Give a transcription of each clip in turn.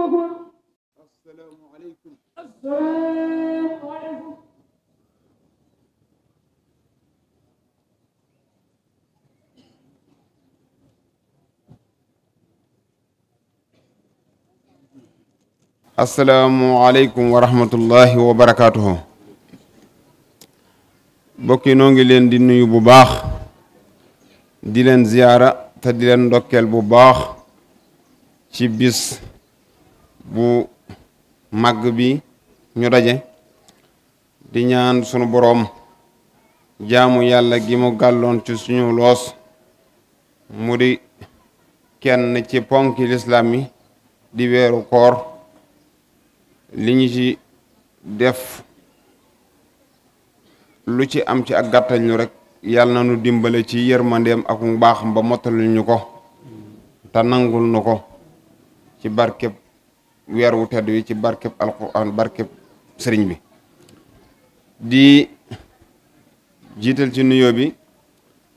أكبر السلام عليكم السلام عليكم wa rahmatullahi wa barakaatuhu ngi leen di nuyu bu baax di leen ziyaara te di leen ndokkeel bu baax ci bis bu màgg bi ñu daje di ñaan sunu boroom jaamu yàlla gi mu gàlloon ci suñu loos mu di kenn ci ponk lislaam yi di weeru koor li ñu ci def lu ci am ci ak gàttañ lu rek yàlla na nu dimbale ci yërmandeem ak mu baaxam ba mottalul ñu ko te nangul nu ko ci barkeb weer wu tedd wi ci barkeb alquran barkeb sëriñ bi di jiital ci nuyoo bi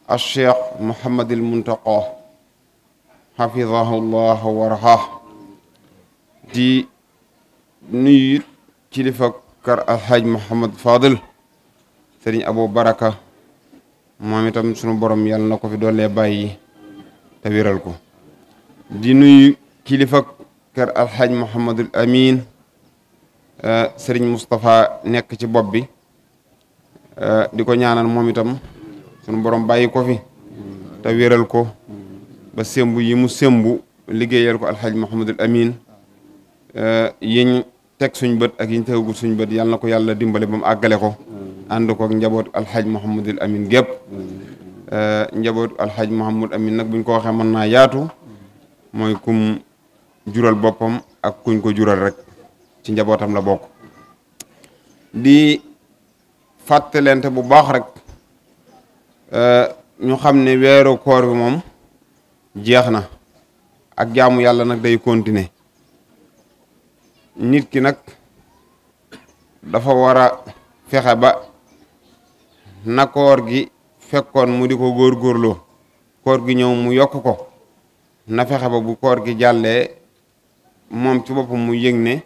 al cheikh mohamadil muntaqa xafidahu llah warxaah di nuyu kilifa kar alxaaj mohamad fadil sëriñ abou baraka moom itam sunu borom yàlla na ko fi doolee bàyyi te wéral ko di nuyu kilifa kër alxaj Mouhamadul Amin eh, sëriñ Moustapha nekk ci bopp bi eh, di ko ñaanal moom itam sunu borom bàyyi ko fi te wéral ko ba sembu yi mu sembu liggéeyal ko alxaj Mouhamadul Amin eh, yiñ teg suñ bët ak yiñ tegagul suñ bët yàlla na ko yàlla dimbale ba mu àggale ko ànd ko ak njaboot alxaj Mouhamadul Amin gépp njaboot alxaj Mouhamadul Amin nag buñ ko waxee mën yaatu mooy kum jural boppam ak kuñ ko jural rek ci njabootam la bokk di fàttalente bu baax rek eh, ñu xam ne weeru koor bi moom jeex na ak jaamu yàlla nag day continuer nit ki nag dafa war a fexe ba na koor gi fekkoon mu di ko góor góorloo koor gi ñëw mu yokk ko na fexe ba bu koor gi jàllee moom ci boppam mu yëg ne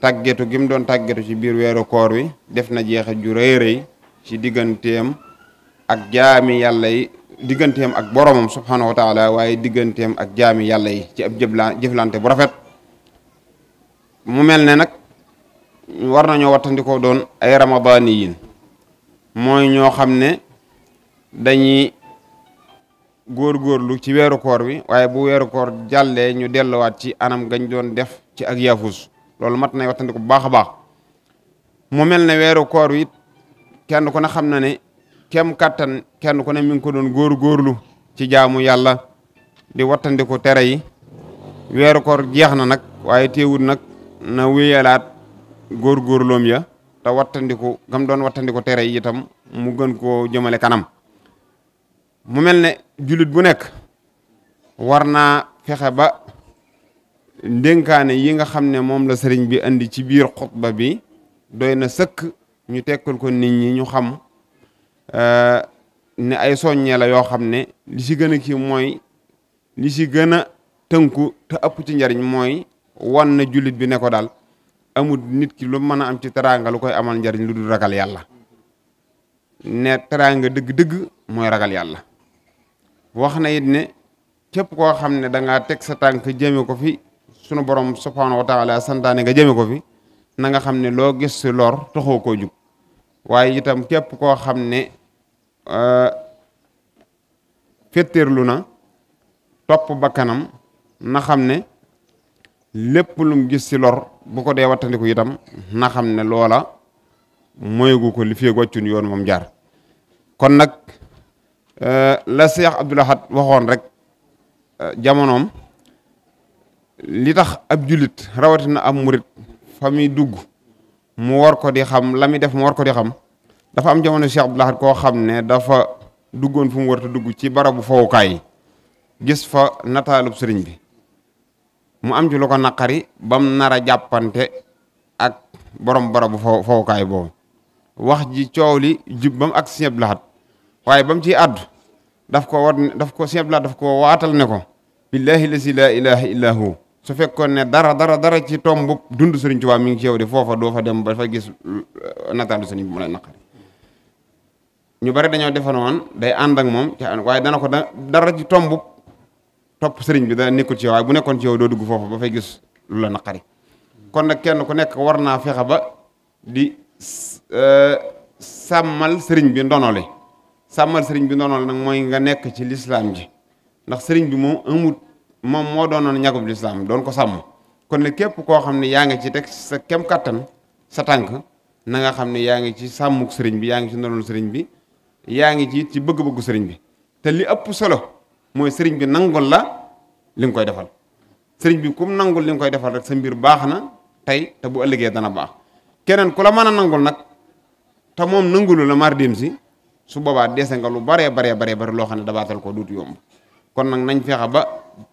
tàggetu gi mu doon tàggetu ci biir weeru koor wi def na jeexit ju rëy rëy ci digganteem ak jaami yàlla yi digganteem ak boromam subhanahu wa waaye digganteem ak jaami yàlla yi ci ab jëfla jëflante bu rafet mu mel ne nag war nañoo wattandikoo doon ay ramadaaniyin mooy ñoo xam ne dañuy góor góorlu ci weeru koor wi waaye bu weeru koor jàllee ñu delluwaat ci anam gañ doon def ci ak yaafus loolu mat nay wattandiku bu baax a baax mu mel ne weeru koor wi kenn ku ne xam na ne kem kattan kenn ku ne mi ngi ko doon góorgóorlu ci jaamu yàlla di wattandiku tere yi weeru koor jeex na nag waaye teewul nag na góor góorloom ya te wattandiku gam doon wattandiku tere yi itam mu gën koo jëmale kanam mu mel ne jullit bu nekk war naa fexe ba ndénkaane yi nga xam ne moom la sëriñ bi indi ci biir ba bi doy na sëkk ñu tekkal ko nit ñi ñu xam eh, ne ay soññee la yoo xam ne li ci gën a kii mooy li ci gën a tënku te ëpp ci njariñ mooy wan na jullit bi ne ko daal amul nit ki lu mën a am ci teraanga lu koy amal njariñ lu dul ragal yàlla ne teraanga dëgg-dëgg mooy ragal yàlla wax na it ne képp koo xam ne danga teg sa tànk jëme ko fi sunu borom subhaanahu wa taala santaane nga jëme ko fi na nga xam ne loo gis si lor taxoo koo jug waaye itam képp koo xam ne euh, fettirlu na topp bakkanam na xam ne lépp lum gis si lor bu ko dee wattandiku itam na xam ne loola moygu ko li fi wàccun yoon moom jaar kon nag Euh, la Cheikh Abdoul waxoon rek euh, jamonoom li tax ab julit rawatina am murit fa muy dugg mu war ko di xam la muy def mu war ko di xam dafa am jamono Cheikh Abdoul Ahad koo xam ne dafa duggoon fu mu war dugg ci barabu fowukaay gis fa nataalub sëriñ bi mu am ci ko naqari bam nar a jàppante ak boroom barabu fowukaay boobu wax ji coow li jub bam ak Cheikh Abdoul waaye ba mu ciy àddu daf ko war daf ko Sëñ Abdul Ahad waatal ne ko billaahi lazi laa ilaaha illaa hu su fekkoon ne dara dara dara ci tomb bu dund Sëriñ Tuubaa mi ngi ci yow foofa doo fa dem ba fa gis uh, nataandu sëriñ bi mu lay naqari ñu bari dañoo defanoon day ànd ak moom te waaye dana ko dara ci tomb topp sëriñ bi da nekkul ci yow bu nekkoon ci doo dugg foofa ba fay gis lu la naqari kon nag kenn ku nekk war naa fexe ba di uh, sàmmal sëriñ bi ndonole sàmmal sëriñ bi doonoon nag mooy nga nekk ci lislaam ji ndax sëriñ bi moom amut moom moo doon doonoon ñagub lislaam doon ko sàmm kon ne képp koo xam ne yaa ngi ci teg sa kem kattan sa tànk na nga xam ne yaa ngi ci sàmmuk sëriñ bi yaa ngi ci ndonoon sëriñ bi yaa ngi ci it ci bëgg-bëggu sëriñ bi te li ëpp solo mooy sëriñ bi nangul la li nga koy defal sëriñ bi kum nangul li nga koy defal rek sa mbir baax na tey te bu ëllëgee dana baax keneen ku la mën a nangul nag te moom nangulu la mar si su boobaa dese nga lu baree baree baree bari loo xam ne dabaatal ko duut yomb kon nag nañ fexe ba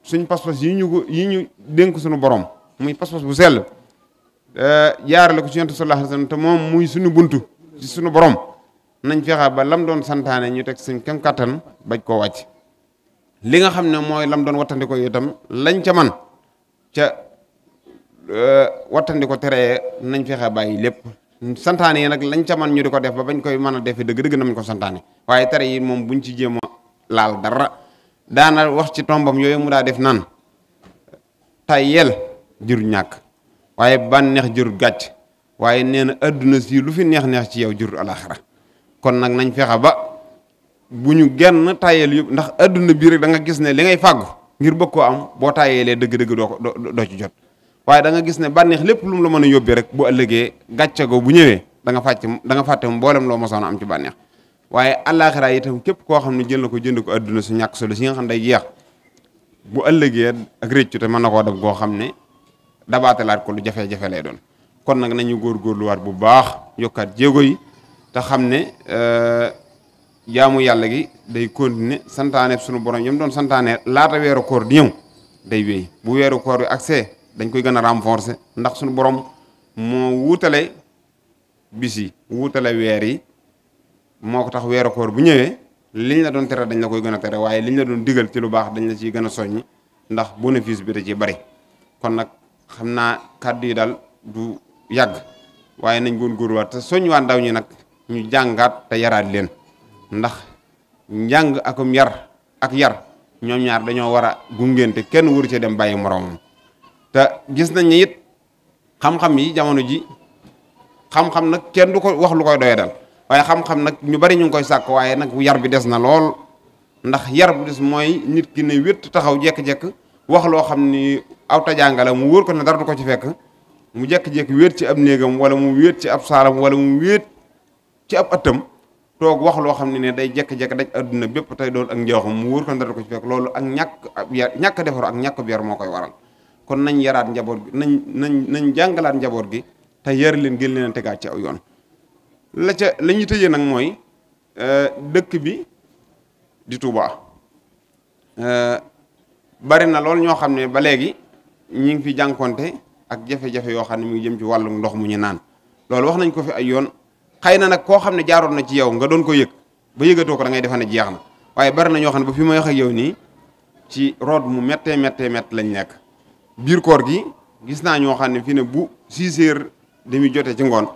suñ pas-pas yi ñu ko yii ñu dénk suñu borom muy pas-pas bu sell euh, jaarale ko ci yonent sallallahu alayhi wasallam te moom muy suñu buntu suñu borom nañ fexe ba lam doon santaane ñu teg suñ kem kattan bañ koo wàcc li nga xam ne mooy lam doon wattandiko itam lañ ca man ca euh, wattandiko teree nañ fexe bàyyi lépp santaane yi nag lañ ca man ñu di ko def ba bañ koy mën a defee dëgg-dëgg nañ ko santaane waaye tere yi moom buñ ci jéem a laal dara daana wax ci tombam yooyu mu daa def nan tayel jur ñàkk waaye neex jur gàcc waaye nee na adduna si lu fi neex-neex ci yow jur alaxira kon nag nañ fexe ba bu ñu genn tayel yëpp ndax adduna bii rek danga gis ne li ngay fàggu ngir bëgg koo am boo tayelee dëgg-dëgg doo ci jot waaye danga gis ne bànneex lépp lu mu la mën a yóbbi rek bu ëllëgee gàcce go bu ñëwee da nga fàcc da nga fàtte mboolem loo mosoon a am ci bànneex waaye àllaaxira itam képp koo xam ne jël na ko jënd ko adduna su ñàkk solo si nga xam day yeex bu ëllëgee ak réccu mën na koo def goo xam ne dabaatalaat ko lu jafe-jafe lay doon kon nag nañu góor góorgóorluwaat bu baax yokkaat jéego yi te xam ne euh, jaamu yàlla gi day continuer santaane sunu borom yam doon santaane laata weeru koor di ñëw day wéy bu weeru koor bi accès dañ koy gën a renforcer ndax suñu borom moo wuutale bis yi wuutale weer yi moo ko tax weeru koor bu ñëwee liñ la doon tere dañ la koy gën a tere waaye liñ la doon digal ci lu baax dañ la ciy gën a soññi ndax bénéfice bi da ciy bari kon nag xam naa kàddu yi daal du yàgg waaye nañ góor góorwaat te soññ waa ndaw ñi nag ñu jàngaat te yaraat leen ndax njàng akum yar ak yar ñoom ñaar dañoo war a gungente kenn waru ci dem bàyyi moroomam te gis nañ ni it xam-xam yi jamono ji xam-xam nag kenn du ko wax lu koy doye dal waaye nag ñu bari ñu ngi koy sàkk waaye nag yar bi des na lool ndax yar bu des mooy nit ki ne wétt taxaw jekk-jekk wax loo xam ni aw tajaanga mu wóor ko ne dara du ko ci fekk mu jekk-jekk wéet ci ab néegam wala mu wéet ci ab saalam wala mu wéet ci ab ëttam toog wax loo xam ne ne day jekk-jekk daj adduna bépp tey doon ak njooxam mu wóor ko ne dara du ko ci fekk loolu ak ñàkk ñàkk defaru ak ñàkk bi moo koy waral kon nañ yaraat njaboot gi nañ nañ nañ jàngalaat njaboot gi te yar leen gën leen tegaat ci aw yoon la ca la ñuy tëjee nag mooy euh, dëkk bi di Touba euh, bari na lool ñoo xam ne ba léegi ñi ngi fi jànkonte ak jafe-jafe yoo xam ne mu ngi jëm ci wàllum ndox mu ñu naan loolu wax nañ ko fi ay yoon xëy na nag koo xam ne jaaroon na ci yow nga doon ko yëg ba yëgatoo ko da ngay defe ne jeex na waaye barina ñoo xam ne ba fi may wax ak yow nii ci root mu méttee méttee métt lañ nekk biir koor gi gis naa ñoo xam ne fii ne bu 6 di demi jote ci ngoon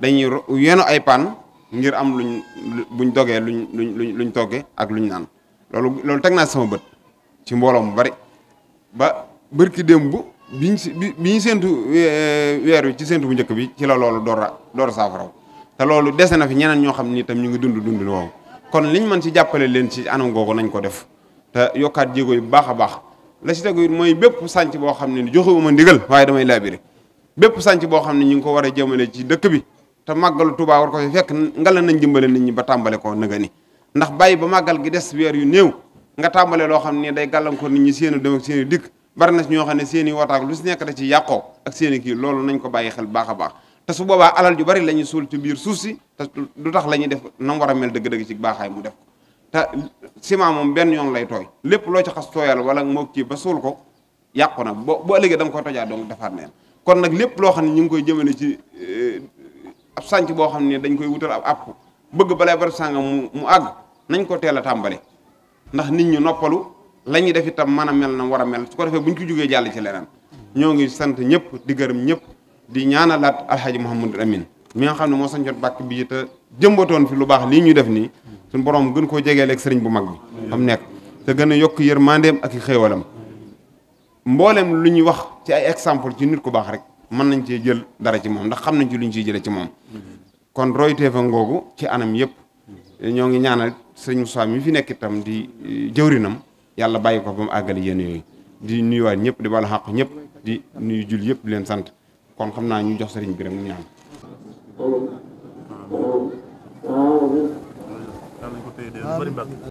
dañuy yenu ay paan ngir am luñ buñ dogee luñ luñ luñ toggee ak luñ naan loolu loolu teg naa sama bët ci mbooloo mu bari ba bërki démb biñ si biñ séntu eh, weer wi ci séntu bu njëkk bi ci la loolu door a door a saafaraw te loolu dese na fi ñeneen ñoo xam ni itam ñu ngi dund dund woowu kon liñ mën ci jàppale leen ci anam googu nañ ko def te yokkaat jéego yu baax a baax. la ci tegu it mooy bépp sànc boo xam ne joxewuma ndigal waaye damay laabire bépp sànc boo xam ne ñu ngi ko war a jëmale ci dëkk bi te màggalu Tuubaa war ko fi fekk nañ jëmbale nit ñi ba tàmbale ko nëga ni ndax bàyyi ba màggal gi des weer yu néew nga tàmbale loo xam ne day gàllankoor nit ñi seen i dem bari na ñoo xam ne seen lu si nekk da ci yàqoo ak seen kii loolu nañ ko bàyyi xel baax a baax te su boobaa alal ju bari la ñuy suul ci biir suuf si te du tax la ñuy def nam war a mel dëgg-dëgg ci baaxaay mu def ciment moom benn yoon lay tooy lépp loo ci xas tooyal wala mook ci ba suul ko yàqu na boo boo ëllëgee da nga donc defaat neen kon nag lépp loo xam ne ñu ngi koy jëmane ci eh, ab sànc boo xam ne dañ koy wutal ab àpp bëgg balay ba sàngam mu mu àgg nañ ko teel a tàmbali ndax nit ñu noppalu la ñuy def itam mën a mel na war a mel su ko defee bu ñu ko jógee jàll ci leneen ñoo ngi sant ñëpp di gërëm ñëpp di ñaanalaat alxaaji Mouhamadou Amine mi nga xam ne moo sancoon bàkk bi te jëmbatoon fi lu baax lii ñu def nii suñu borom gën koo jegeel ak sëriñ bu mag bi xam nekk te gën a yokk yërmandeem ak i xéewalam mboolem lu ñuy wax ci ay exemple ci nit ku baax rek mën nañ cee jël dara ci moom ndax xam nañ ci lu ñu ciy jële ci moom kon roytee fa ngoogu ci anam yëpp ñoo ngi ñaanal sëriñ Moussa mi fi nekk itam di eh, jëwrinam yàlla bàyyi ko ba mu àggali yéen yooyu di nuyuwaat ñëpp di bala xàq ñëpp di nuyu jul yëpp leen sant kon xam naa ñu jox sëriñ bi rek ñaan PDR